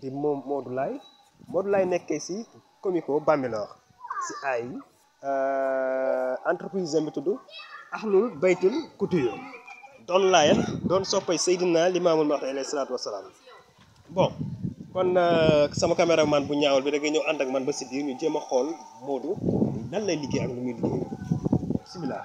di moom Modou Laye Modou Laye nekkee si Comico Bambilor si ay euh, entreprise am bi tudd ahlul baytul couture doon laayal doon soppay Seydina Limaamul Mahdi alayhi salaatu wasalaam bon kon euh, sama caméraman bu ñaawal bi da ngay ñëw ànd ak man ba si biir ñu jéem a xool Modou lan lay liggéey ak lu muy liggéey bisimilah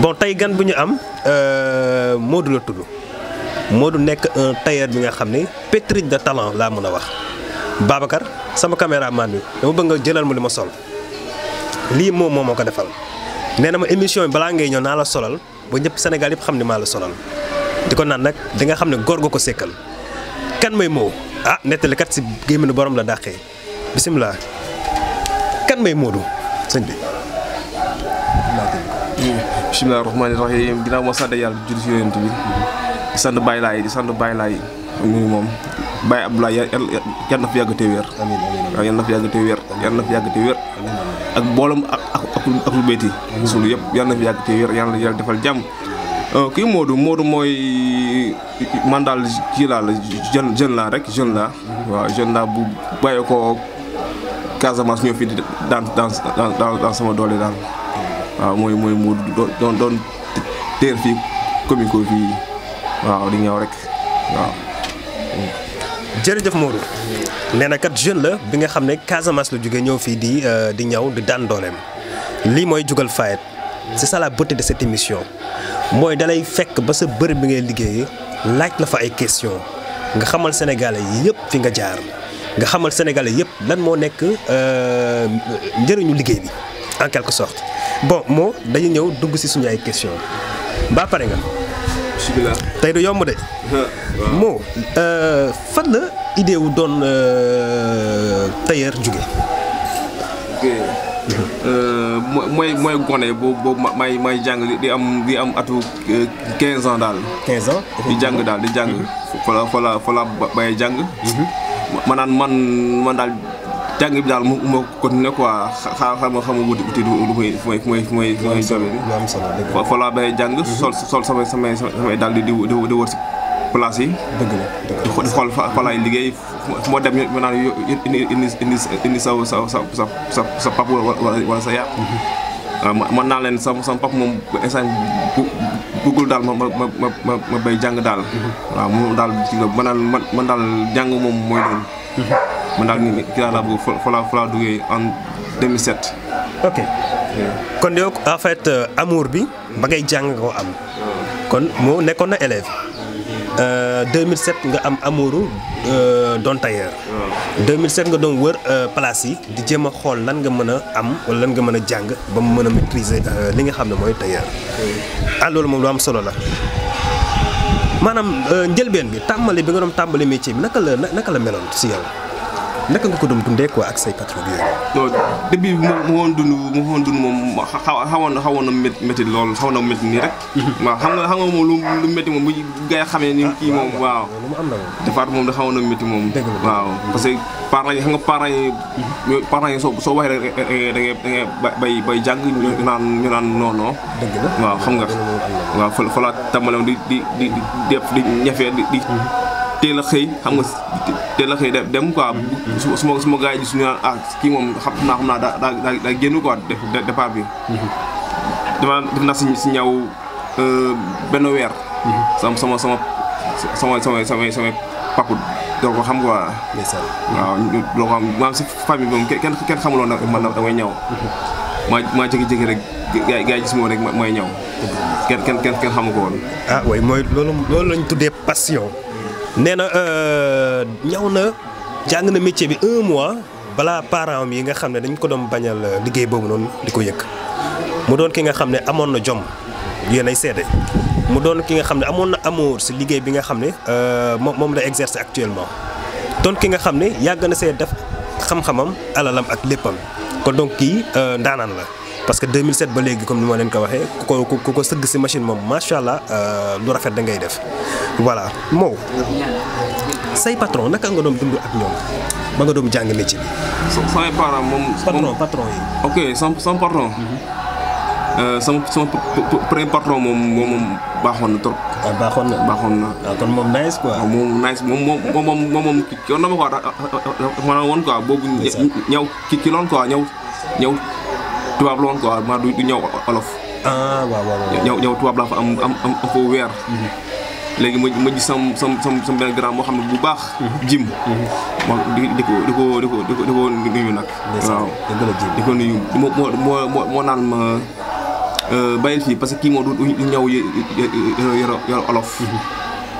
bon tay gan buñu am euh modou la tuddu modou nek un tailleur bi nga xamné pétri de talent la mëna wax babakar sama cameraman bi dama bëgg jalan jëlal mu lima sol li mo mo moko defal néna ma émission bala ngay ñëw na la solal bu ñëpp sénégal yëpp xamni ma la solal diko nan nak di nga xamné gor goko sékkal kan may mo ah netali kat ci gëmënu borom la daxé bismillah kan may modou señ bi bisimilah rahmaani rahim ma sant yàlla di julli si yonent bi di sant Baye Laye di sant Baye Laye nuyu moom Baye Abdoulaye yal na fi yàgg te wér. amiin fi yàgg te wér yal na fi yàgg te ak boolam ak ak ak lu béyti. suul yëpp yal na fi yàgg te wér yàlla defal jàmm. Euh, kii Modou Modou mooy man daal kii la jeune jeune laa rek jeune laa. waaw bu bàyyi ko Casamance ñoo fi daan daan daan sama doole daal. waaw moy mooy mu don doon teer fii ko fii waaw di ñëw rek waaw. jërëjëf Modou nee na kat jeune la bi nga xamné ne Casamance lu jóge ñëw fi di euh, di ñëw di daan dooleem lii mooy Jugal Fayette c'est ça la beauté de cette émission moy dalay fekk ba sa bërëb bi ngay liggéeyee laaj la fa ay question nga xamal sénégalais yépp fi nga jaar nga xamal sénégalais yépp lan moo nekk euh njëriñu liggéey bi en quelque sorte. bon moo dañu ñëw dugg si suñu ay question ba pare nga. bisimilah tey du yomb de. moo euh, fan la idée doon euh, tailleur jóge. Euh, mooy mooy gone boobu may may jàng di am di am atu 15 ans daal. quinze ans di jàng daal di jàng. Mhm. fa la bay jàng. Mhm. ma man man daal. jàng bi daal moo continué quoi xa xa ma xamul wuti wuti lu muy laa bay jàng mhm. sol sol samay samay samay daal di di di wër si place yi dëgg la xool fa laay liggéey moo dem ñu naan indi indi indi sa sa sa sa sa pap wala wala sa yàpp mhm. Ah, man naa leen sama sama pap moom instant bëggul daal ma ma ma ma bay jàng daal. waaw man daal man daal jàng moom mooy doon. man daal nii kii daal laa bëgg duggee en 2007. ok kon yow en fait euh, amour bi ba ngay jàng koo am. kon moo nekkoon na élève. 2007 euh, nga am amouru euh, don tailleur 2007 nga doon wër euh, place yi di jéem a lan nga mën am wala lan nga mën a jàng ba mu mën a maîtriser li nga xam ne tailleur ah loolu lu am solo la maanaam njëlbeen bi tàmbali bi nga doon tàmbali métier bi naka la naka la meloon si yow naka nga ko doon dundee quoi ak say patron yooyu. non début bi mu woon dund mu woon dund moom xaw xawoon na xawoon na métti lool xaw na métti nii rek. waaw xam nga xam nga moom lu lu métti moom bu gars yi xamee ni kii moom ah, waaw. defaat moom da xawoon na métti moom. waaw parce que parents yi xam nga parents yi. Mm-hmm. parents yi soo soo da ñu naan ñu naan non non. waaw xam nga waaw fa fa laa tàmbale di di di di def di. Mm-hmm. teel a xëy xam nga teel a xëy dem quoi su ma su ma gars yi gis ñu naan ah kii moom xam naa xam naa daa daa daa génn quoi départ bi dama def naa si si ñaw euh, benn weer sama sama sama sama sama sama sama papu doo ko xam quoi waaw doo ko xam maanaam si famille moom kenn kenn xamuloo na man damay ñaw maa maa jékki-jékki rek gaay gaay gis moo rek mooy ñaw kenn kenn kenn xamu ko woon ah way mooy loolu loolu lañ tuddee passion nee euh, na ñaw na jang na métier bi 1 mois bala parents yi nga xamné dañ ko doon bañal euh, liggéey bobu non diko ko mu doon ki nga xamné amon na jom yéen sédé mu doon ki nga xamné amon na amour si liggéey bi nga xamné euh mom la exercer actuellement doon ki nga xamné yag na sé def xam-xamam alalam ak leppam kon donc euh ndanan la parce que 2007 ba légui comme nima len ko waxé ko ko ko seug ci machine mom machallah euh lu rafet da ngay def voilà mo say patron naka nga doon dund ak ñom ba nga doon jang métier sama parent mom patron patron yi ok sam sam patron euh sama sama premier patron mom mom baxone trop baxone baxone kon mom nice quoi mom nice mom mom mom mom na ma ko won quoi bobu ñew ki ki lon quoi ñew ñew tubaab la woon quoi ma du ñëw olof. ah waaw waaw ñëw ñëw tubaab laa fa am am am foo weer. Mhm. léegi ma ma gis sam sam sam sam benn grand moo xam ne bu baax. Mhm. jim. Mhm. moom di di ko di ko di ko di ko nuyu nag. waaw di ko nuyu moo moo moo moo naan ma euh, bàyyil fii parce que kii moo du ñëw yore yore olof.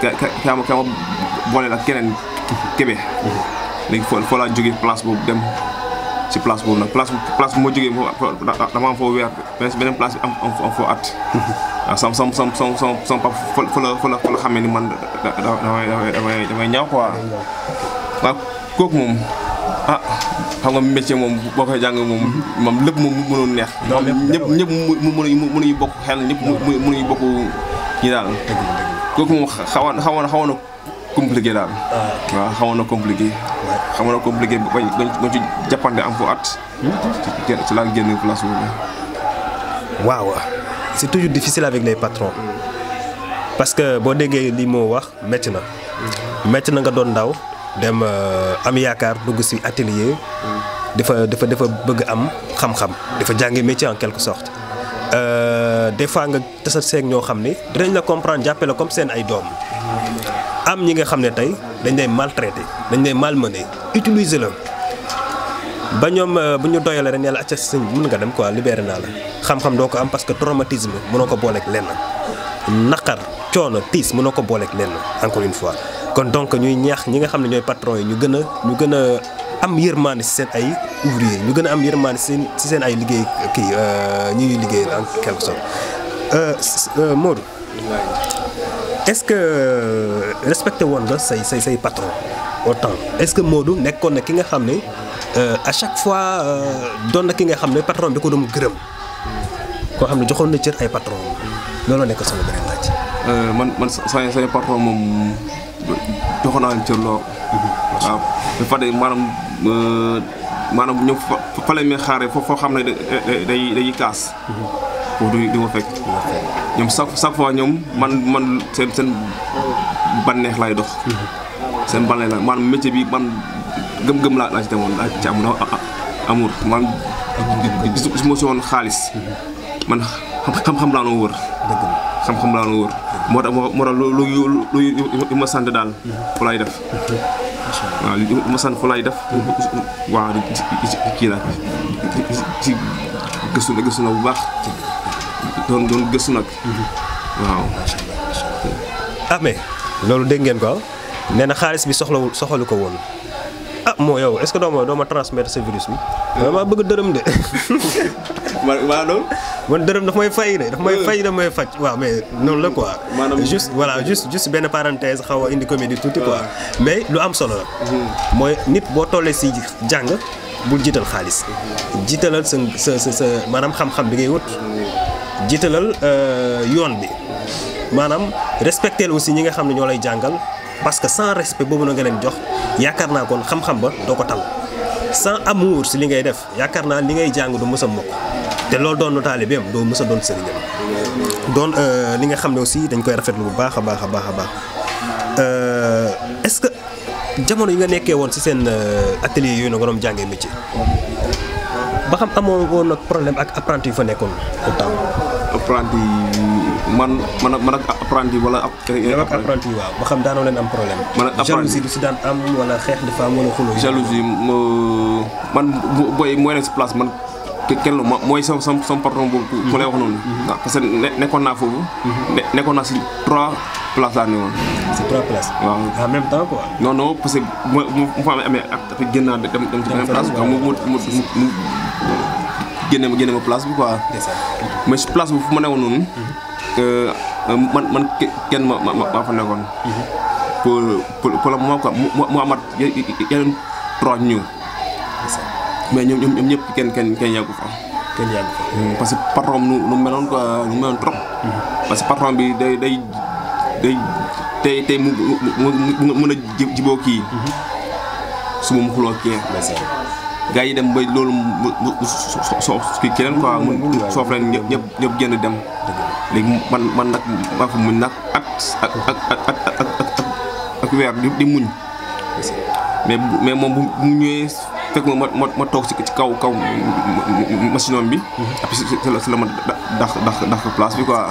ka ka ka ma booleel ak keneen kebe. léegi foo foo laa jógee place boobu dem. si place boobu nag place place bu ma jógee dama am foo weer beneen place bi am am foo at. waaw sama sama sama sama sama papa fa la fa la fa la xamee ni man da da damay damay ñaaw quoi. waaw kooku moom ah xam nga métier moom boo koy jàng moom moom lépp moom mënoon neex. moom ñëpp ñëpp mu mënuñu bokk xel ñëpp mënuñu bokk ñi daal. kooku moom xawoon xawoon xawoon na. compliqué ah. compliqué. compliqué hmm. place c'est toujours difficile avec les patrons. parce que si tu li wax maintenant na. maintenant, na nga dem euh, am ci atelier. Tu hmm. as bëgg métier en quelque sorte. Euh, des fois nga tu comprendre comme c'est ay am ñi nga xamné tay dañ lay maltraité dañ lay malmené utiliser la ba ñom euh, buñu doyalé doyalee rek ne la acca sëñ mën nga dem quoi libéré na la xam-xam do ko am parce que traumatisme mënoo ko ak lén nakar coono tiis mënoo ko ak lén encore une fois. kon donc ñuy ñaax ñi nga xamné ne patron yi ñu gëna a ñu gëna am yermane ci seen ay ouvrier ñu gëna am yermane ci seen si seen ay liggéey kii euh, ñi ñuy liggéey en quelque sorte euh, Modou est-ce que euh, respecter Wanda, c'est say patron autant est-ce que Modou nekkoon na ki nga xamné euh, à chaque fois que euh, na ki nga xamné patron bi ko dum gërëm ko xamné ne na ay patron lolo nekk patron de mhm. la foofu du di ma fekk. ñoom chaque chaque ñoom man man seen seen banneex lay dox. seen banneex la maanaam métier bi man gëm-gëm laa laa ci demoon laa ci am dafa amour man xaalis. man xam-xam laa noo wër. xam-xam laa noo wër. moo tax moo tax lu lu lu ma sant daal. fu laay def. waaw li ma sant fu laay def. waaw kii la ci gëstu na gëstu na bu baax. doon doon gëstu nag. waaw. Ah, loolu dégg ngeen ko ah? nee na xaalis bi soxlawul soxalu ko woon. a ah, moo yow est-ce que doo ma doo ma transmettre ce virus bi. Euh. dama bëgg dërëm de. ma maa loolu. man dërëm daf may fay de daf may euh. fay daf may faj waaw mais noonu la quoi. maanaam juste voilà juste juste benn parenthèse xaw a indi comédie tuuti quoi. Euh. mais lu am solo la. Mhm. mooy nit boo tollee si jàng bul jiital xaalis. Mhm. jiitalal sa sa sa maanaam xam-xam bi ngay wut. Mhm. jiitalal euh, yoon bi maanaam respecté aussi ñi nga xam ne ñoo lay jàngal parce que sans respect boobu na nga leen jox yaakaar naa kon xam-xam ba doo ko tal sans amour si li ngay def yaakaar naa li ngay jàng du mës a mokk te loolu doon na taalibeem doo mës a doon sëriñam doon euh, li nga xam ne aussi dañ koy rafetlu bu baax a baax a baax a baax euh, est-ce que jamono yi nga nekkee woon si seen atelier yooyu na nga doon jàngee métier ba xam amoo woon nag problème ak apprenti yu fa nekkoon apprenti man man ak man ak apprenti wala ab. yow ak apprenti waaw ba xam daanoo leen am problème. man ak apprenti jalousie du si daan am wala man booy mooy nekk si place man kenn la mooy sama sama sama patron boobu. ku lay wax noonu. waaw mhm. ah, parce que nekkoon naa foofu. Mhm. ne nekkoon naa amee ak génn naa dem dem ci beneen place. mu mu mu génne ma génne ma place bi quoi. mais si place bu fu ma newoon euh man man kenn ma ma fa nekkoon. pour pour pour la moment quoi mu mu amaat trois ñu mais ñom ñom ñëpp kenn kenn kenn yagu fa. kenn yagu fa parce que patron nu nu meloon quoi nu meloon trop. parce que patron bi day day day té té mu mu mu mën a ki kii. mu xuloo ki gars yi dem ba loolu mu so kii soo quoi mu soof leen ñëpp ñëpp génn dem léegi man man nag maa fa muñ nag ak ak ak ak ak ak weer di muñ mais mais moom bu mu ñëwee fekk ma ma ma toog ci kaw kaw machine bi après si la ma dax dax dax place bi quoi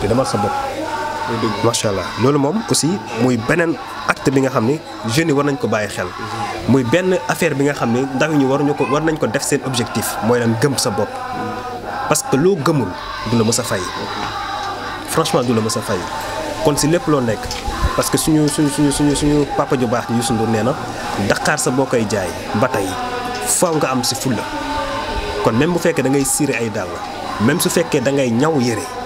te dama sa bopp macha allah loolu mom, aussi muy benen acte bi nga xamni jeune war nañ ko baye xel muy ben affaire bi nga xamni ndaw ñu ñu ko war nañ ko def seen objectif moy lan gëm sa bopp parce que lo gëmul du la mësa fay franchement du la mësa fay kon si lepp lo nek parce que suñu suñu suñu suñu suñu papa ju baax ji Youssou neena na Dakar sa bokay jaay batay faaw nga am ci fulla kon même bu fekke da ngay siré ay dal même su fekke da ngay ñaw yéré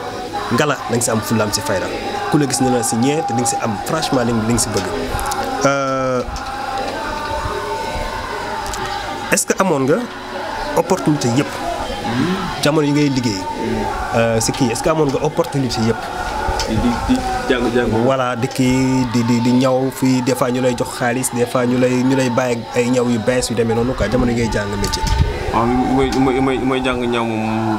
ngala da nga si am fulam ci fayra ku la gis na la si ñee te di nga am franchement li nga ci bëgg euh est ce que amone nga opportunité yépp jamono yi ngay liggéey euh ce qui est ce que amone nga opportunité yépp wala di jàng di di di ñaw fi des fois ñu lay jox xaaliss des fois ñu lay ñu lay baye ay ñaw yu bess yu demee nonu ka jamono yi ngay jang métier waaw moy moy mooy jàng ñaw mom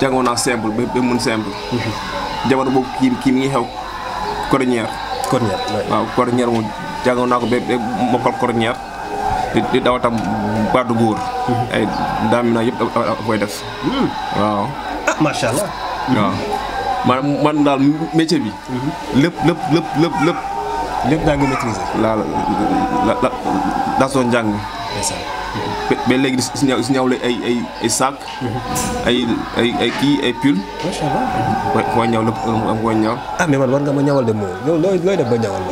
jàngoon naa simple ba ba mun simple. Mhm. boobu kii kii mi ngi xew cordonnière. cordonnière waaw cordonnière moom jàngoon naa ko ba mokkal cordonnière di di baatu góor. Mhm. ay daamina yëpp da koy def. Hmm. Ah, mhm. lépp lépp njàng. ba léegi di si si ñaw la ay ay ay saak. ay ay ay kii ay pull. macha allah waaw ñaw lépp am koo ñaw. ah mais man war nga ma ñawal de moom yow looy def ba ñawal.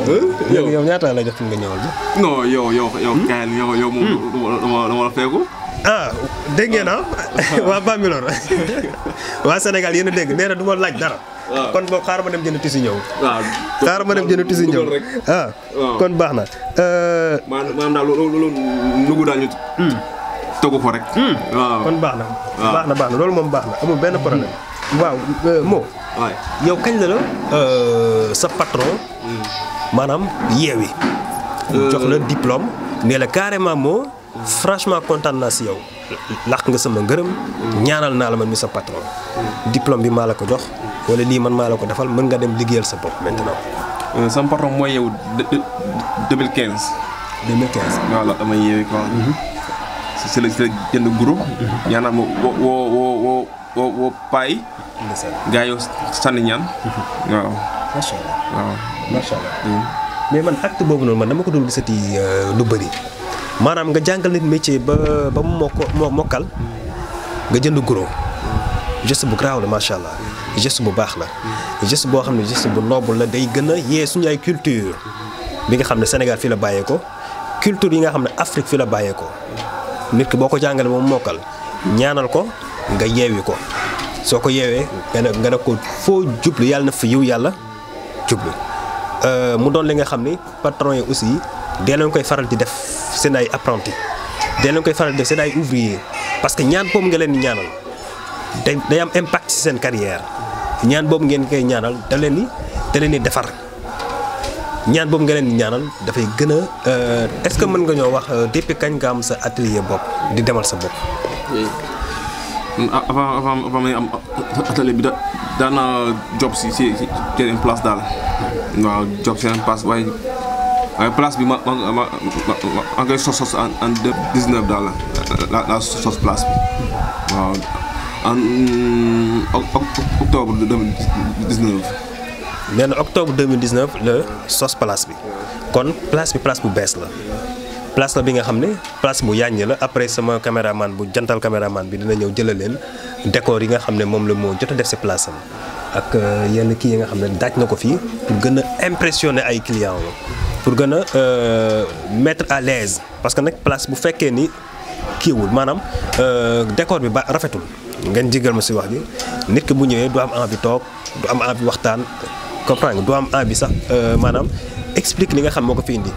yow yow lay def fi nga ñawal de. non yow yow yow hmm? kaayal yow yow moom hmm? dama la feeku. ah dégg ngeen ah, ah. waa Bambilor waa Sénégal yéen a dégg nee na du ma laaj dara. kon bo xaar ma dem jënd tisi ñëw. waaw xaar ma dem jënd tisi ñëw ah. kon ah, ah, ah. baax na. Eh, man daal lu lu nugu dañu togu fo rek. waaw hmm. kon baax na. baax na baax na loolu moom baax na amul benn problème. Hmm. waaw eh, mo yow kañ la la. Eh, sa patron. Hmm. Manam. yewi euh. jox la diplôme. mais la carrément mo franchement content na ci yow. lakh nga sama ngeureum ñaanal na la man mi sa patron. diplôme bi mala ko jox. wala lii man maa la ko defal mën nga dem liggéeyal sa bopp maintenant. Euh, sama patron mooy yow deux mille quinze. deux quinze. voilà dama yeewee quoi. Mhm. si la man acte boobu noonu man dama ko doon gisati euh, lu bëri. maanaam nga jàngal nit métier ba ba mu mokk mokkal. nga jënd guro geste bu garaaw la macha allah geste bu baax la geste boo xam ne geste bu noobu la day gën a yee suñu ay culture bi nga xam ne Sénégal fii la ko culture yi nga xam ne Afrique fii la bàyyeekoo nit ki boo ko jàngalee moom mokkal ñaanal ko nga yeewi ko soo ko yeewee nga ne nga ne ko foo jublu yàlla na fi yiw yàlla jublu euh, mu doon li nga xam ni patron yi aussi dee leen koy faral di def seen ay apprenti dee leen koy faral di def seen ay ouvrier parce que ñaan boobu nga leen di ñaanal. day am impact ci sen carrière ñaan bobu ngeen kay ñaanal da leen ni da leen ni defar ñaan bobu ngeen ni ñaanal da fay gëna euh est ce que mën nga ñoo wax euh, depuis kañ nga am sa atelier bop di demal sa bop avant avant avant may am atelier bi da na job ci si jeneen place dal wa job ci jeneen place way waaye place bi ma ma ma ngay sos sos en 19 dal la la sos place bi en euh, octobre 2019. nee na octobre 2019 le sos place bi kon place bi place bu bees la place la bi nga xamné place bu yàññi la après sama cameraman bu jantal cameraman bi dina ñëw jëla leen décor yi nga xamné mom le mo moo def si place am ak euh, yenn ki nga xamné ne nako fi pour gëna impressionner ay clients pour gëna euh, mettre à l'aise parce que nak place bu féké ni. kiiwul maanaam euh, décor bi ba rafetul ngeen jigal ma si wax bi nit ki bu ñëwee du am envie toog du am envie waxtaan comprendre nga du am envie sax euh, maanaam explique li nga xam moo ko fi indi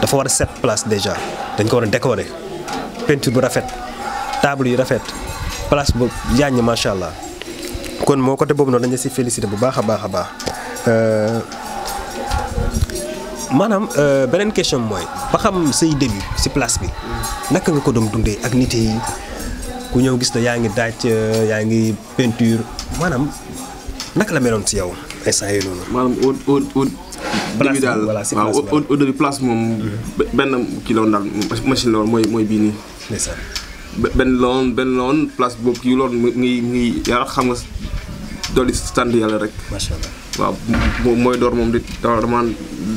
dafa war a set place déjà dañ ko war a décorer peinture bu rafet table yu rafet place bu yaaññ macha allah kon moo côté boobu noonu dañ la si félicité bu baax a baax a baax. Euh, maanaam euh, beneen question mooy ba xam say début si place bi naka nga ko doon dundee ak nit yi ku ñëw gis na yaa ngi daaj euh, yaa ngi peinture maanaam naka la meloon si yow instant yooyu noonu. maanaam au au au. place bi voilà si place bi daal waaw au début place moom. Mhm. benn kii la woon daal machine la woon mooy mooy bii nii. ndeysaan. benn la woon benn la woon place boobu kii la woon ngi mu ngi xam nga. doli stand yalla rek wa moy dor mom di e dama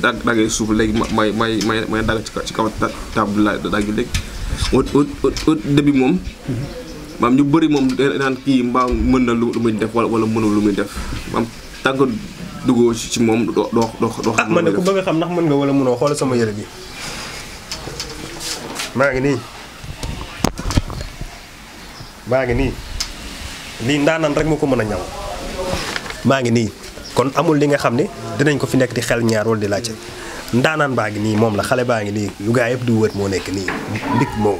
dag dagé souf léegi may may may may dag ci ci kaw table la dag léegi au au debi mom mam ñu bëri mom naan ki mbaa mën na lu muy def wala wala mënul lu muy def mam tànk dugo ci mom do do do do ah, xam man ko bëgg xam nak mën nga wala mëno xol sama yëre bi maa ngi ni maa ngi ni li ndaanan rek moo ko mën ñaw maa ngi nii kon amul li nga xam ne dinañ ko fi nekk di xel ñaar wala di laajte ndaanaan baa ngi nii moom la xale baa ngi nii lu gaa yëpp di wër moo nekk nii ndig moo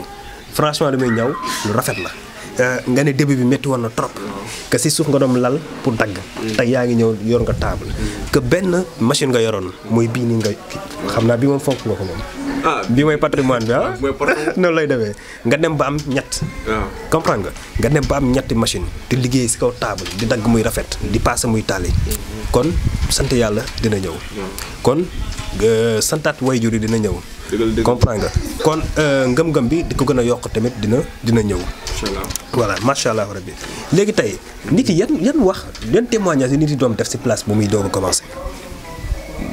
franchement damay ñaw lu rafet la euh, nga ne début bi métti woon na trop que si suuf nga doon lal pour dagg tey yaa ngi ñëw yor nga taabal que benn machine nga yoroon muy bii nii nga xam naa bi moom fonk nga ko moom bi moy patrimoine bi non lay dewe nga dem ba am ñett comprendre nga nga dem ba am ñetti machine di liggéey ci kaw table di dag muy rafet di passer muy talé kon sante yalla dina ñew kon santat wayjur yi dina ñew comprendre nga kon ngëm ngëm bi diko gëna yok tamit dina dina ñew voilà machallah rabbi légui tay nit yi yan yan wax yan témoignage nit yi doom def ci place bu muy doga commencer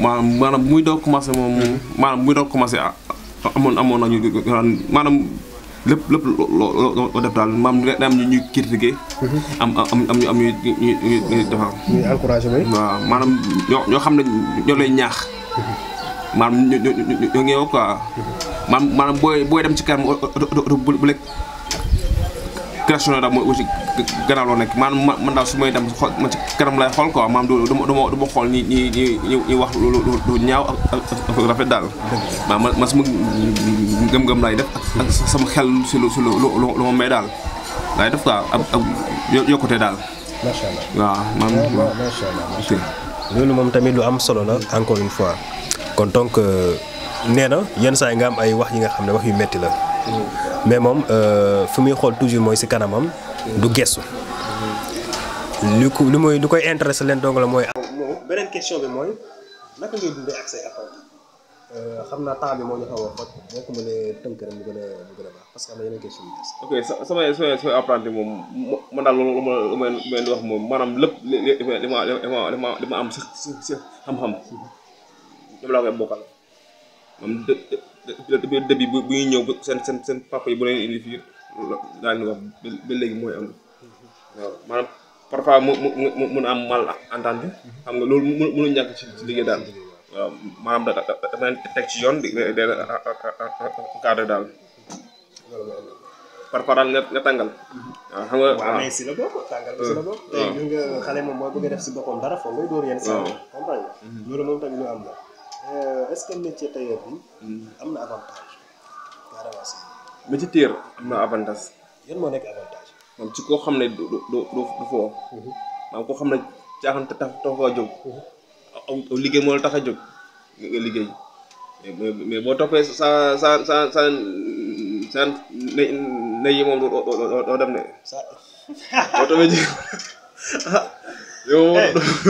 maanaam maanaam muy doog commencé moom mm-hmm. maanaam muy doog commencé ah, amoon amoon nañu maanaam lépp lépp loo def daal maam day am ñu ñuy critiquer. Mm-hmm. am am am ñu am ñu ñu ñu defar. ñuy encouragé mooy. waaw maanaam ñoo xam ne ñoo lay ñaax. Mm-hmm. maanaam ñu ñu ñu ñu ñoo ngi maanaam maanaam booy booy dem ci kanam bu bu lekk. création daal mooy aussi gannaaw loo nekk maanaam man daal su may dem xool man ci kanam ma du ma xool ñi ñi ñi ñi wax rafet daal. maanaam man man sama gëm-gëm lay def ak sama xel si lu si lu ma may daal laay def quoi ab ab yokkute daal. macha allah macha allah loolu moom tamit lu am solo la encore une fois kon donc euh, nee na yenn saa yi nga am ay wax yi nga xam ne wax yu metti la. Mm. mais moom euh, fu muy xool toujours mooy si kanamam du gestu lu ko lu koy intéressé leen donc la mooy. beneen question bi mooy naka ngay dundee ak say euh, moo ñu a a mu parce que am na yeneen question yu moom man daal lu ma leen ma li ma am si si xam-xam mom de bu bu ñëw seen sen sen papa yi bu leen indi fii daal ni wax ba léegi mooy am waaw maanaam parfois mu mu mun am mal entente xam nga malam mënu ñàkk ci liggéey daal waaw maanaam da da leen teg ci yoon di de cadre daal parfois daal nga nga tàngal waaw xam nga waaw mais si la bokk tàngal si la bokk tey nga xale moom mooy bëgg def si boppam dara foo ngay dóor yenn saa comprendre mhm. loolu moom tamit lu am la Euh, est-ce que métier hmm. am na avantage. carrément si. métier tailleur am na avantage. yan ci koo xam ne du du du du foo. Mhm. maanaam xam ne caaxaan tax tax koo jóg. Mhm. aw liggéey moo la tax a jóg nga liggéey mais boo toppee sa sa sa sa yi moom doo doo ne. boo toppee ji ah, yow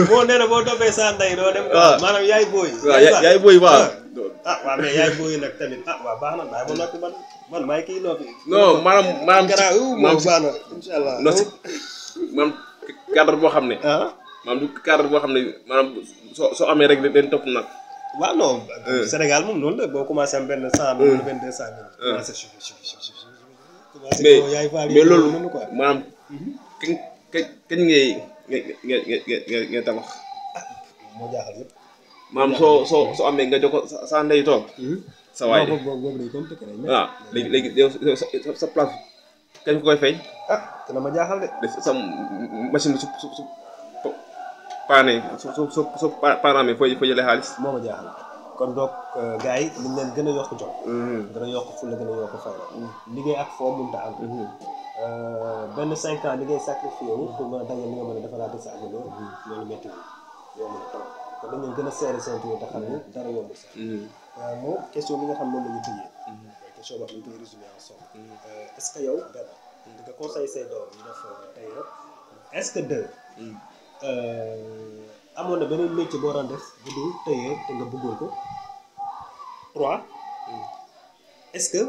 boo nee na boo toppee sa ndey doo dem. waaw maanaam yaay booy. waaw yaay booy waaw. ah waaw mais yaay booy nag tamit ah waaw baax na bàyyi ma noppi man man maa ngi kii noppi. non maanaam maanaam. garaaw moom baax na incha allah. non si maanaam cadre boo xam ne. maanaam du cadre boo xam ne maanaam soo soo amee rek dañ topp nag. waaw non. Sénégal moom noonu la boo commencé am benn cent mille wala benn deux cent mille. commencé suuf suuf suuf suuf. mais mais loolu maanaam kañ kañ ngay. nga nga nga nga tabax. moo jaaxal yëpp. maanaam soo soo soo amee nga ko sa sa ndey toog. sa waay de waaw léegi léegi sa sa place kañ ko koy fay. ah ma jaaxal de. sa machine bi su su su paanee su su su paanaamee fooy fooy jëlee xaalis. moo ma jaaxal. kon doc euh, gars yi ñu leen gën a yokk jom. Mhm. gën a yokk fulla gën a yokk fayda. liggéey ak foo mënta am. Mhm. Euh, benn cinq ans li ngay sacrifié wu pour mën a dajal li nga mën a defaraat sa avenir mhm. loolu métti wu yomb na trop gën a seere seen tuur te xam ne dara yomb euh, bi nga xam moom la ñu tëjee. mooy question boo xam ne ñu koy résumé ensemble. est-ce que yow amoon na beneen métier boo daan def bu dul tailleur te nga bëggoon ko. trois hmm. est-ce que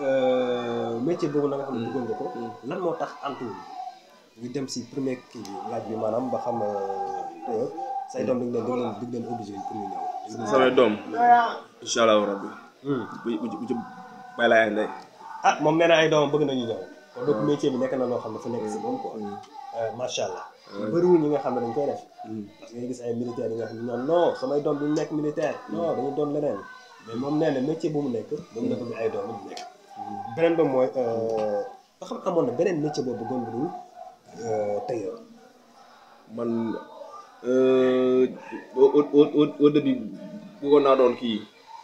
euh, métier boobu na nga xam ne hmm. bëggoon nga ko. Hmm. lan moo tax antu ñu dem si premier kii yi laaj bi maanaam ba xam tailleur say doom dañ leen doon leen leen obligé pour ñu ñëw. samay doom. incha allah rabbi. bu bu bu ci laa yaay ndey. ah moom nee na ay doomam bëgg nañu ñëw. kon donc métier bi nekk na loo xam ne fu nekk si moom quoi mm. euh, macha allah. Mm. bëriwul ñi nga xam ne dañ koo def. Mm. parce que nga gis ay militaires yi nga xam ne ñoom non samay doom duñ nekk militaire. non dañu doon leneen. mais moom na métier bu mu nekk. moom la ay doom bu beneen ba mooy ba euh, xam amoon na beneen métier boobu bëggoon bu dul euh, tailleur. man au naa doon kii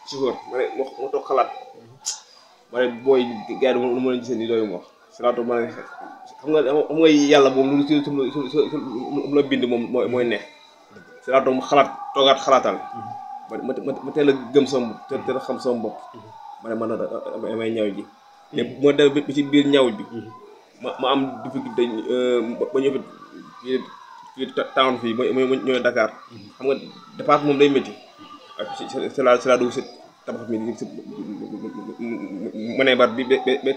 chauffeur ma ne ma toog xalaat mm-hmm. ma ne booy gars yi du ma leen gisee nii doyuma. salaatu man xam nga xam nga yàlla moom lu su su la bind moom mooy mooy neex salaatu moom xalaat toogaat xalaatal ma ma a gëm sama bopp teel a xam sama bopp ma ne ma ma am difficulté ba ñëw fi fii town fii mooy ñëw Dakar xam nga départ moom day métti ak si bi ba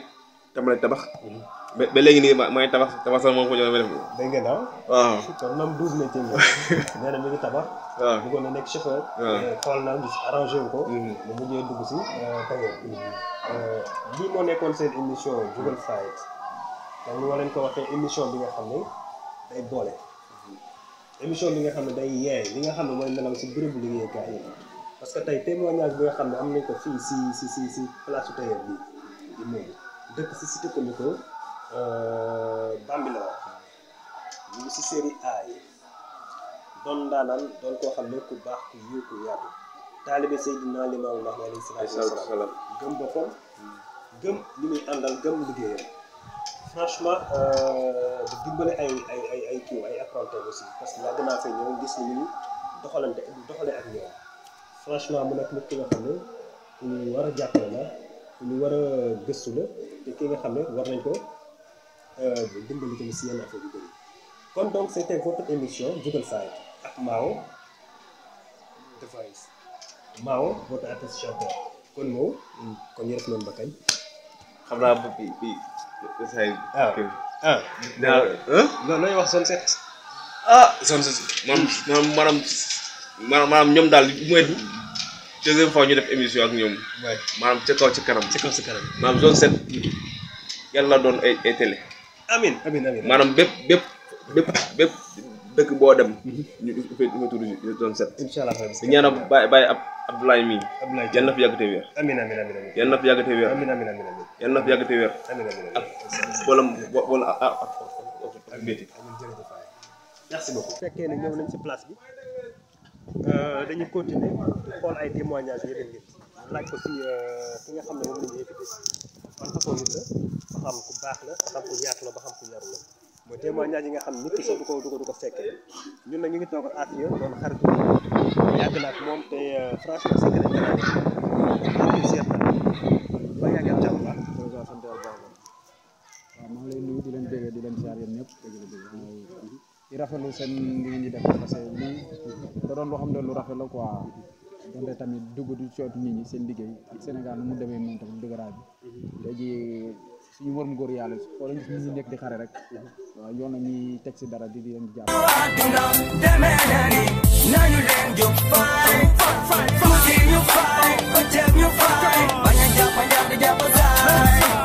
dama tabax. Mhm. ba ba léegi nii maa ngi tabax tabax sax moom ko jox ma def. dégg nga waaw. kon naam douze métier la. ngi tabax. waaw bëggoon na nekk chauffeur. Eh, xool naa gis arrangé wu ko. Mhm. mu mujjee dugg si eh, tailleur. Eh, lii moo nekkoon seen émission Diougal Fight. donc ni ma ko waxee émission bi nga xam ne day boole. émission bi nga xam ne day yee li nga xam ne mooy nelaw si bérébu liggéeyukaay yi. parce que tey témoignage bi nga xam ne am nañ ko fii si si si si place su tailleur bii di dëkk si cité comico euh, Bambilor ñu ngi si série A yi doon ndaanaan doon koo xam ne ku baax ku yiw ku yaatu taalibe Seydina Limaamu Laay alayhi salaatu wa salaam li muy àndal gëm liggéeyam franchement euh, di dimbale ay ay ay ay kii ay apprenté aussi parce que yàgg naa fee gis ni ñu doxalante doxalee ak ñoom franchement mu nekk nit ki nga ku war a jàppale la lu war a gëstu la te ki nga xam ne war nañ ko euh, dimbali tamit si yenn affaire yu bëri kon donc c'était votre émission Jubal Saay ak Mao The Voice Mao votre artiste kon moo kon ñu noonu ba kañ xam naa bopp bi bi say ah, ah. non looy wax zone 7 ah zone 7 maanaam maanaam maanaam ñoom daal mooy deuxième fois ñu def émission ak ñoom. waay maanaam ca kaw ci kanam. ca kaw ci kanam maanaam zone 7. yàlla doon ay ay télé. amiin amiin amiin maanaam bépp bépp bépp bépp dëkk boo dem. ñu fay ñu tudd zone 7. incha allah di ñaanal bàyyi bàyyi ab Abdoulaye mii. Abdoulaye yal na fi yàgg te wér. amiin amiin amiin yal na fi yàgg te wér. amiin amiin amiin yal na fi yàgg te wér. amiin amiin amiin ak wala wala ah ah. merci beaucoup. fekkee ne ñëw nañ si place bi. Euh, dañu continuer xool ay témoignages yeneen nit laaj ko si euh, ki nga xam ne moom la ñu invité man façon nit la ba xam ku baax la ba xam ku yaatu la ba xam ku yaru la mooy témoignage yi nga xam nit du ko du ko du ko fekkee ñun na ñu ngi toog ak Afia doon xaritu yàgg na ak moom te euh, franchement secret di sen li ngeen di def parce que lii da doon loo xam lu rafet la quoi donte tamit dugg di cootu nit ñi seen liggéey ak Sénégal nu mu demee moom tamit dëgëraay bi léegi suñu wërëm góor yàlla foo lañ nit di xare rek yoon na ñuy teg si dara di di leen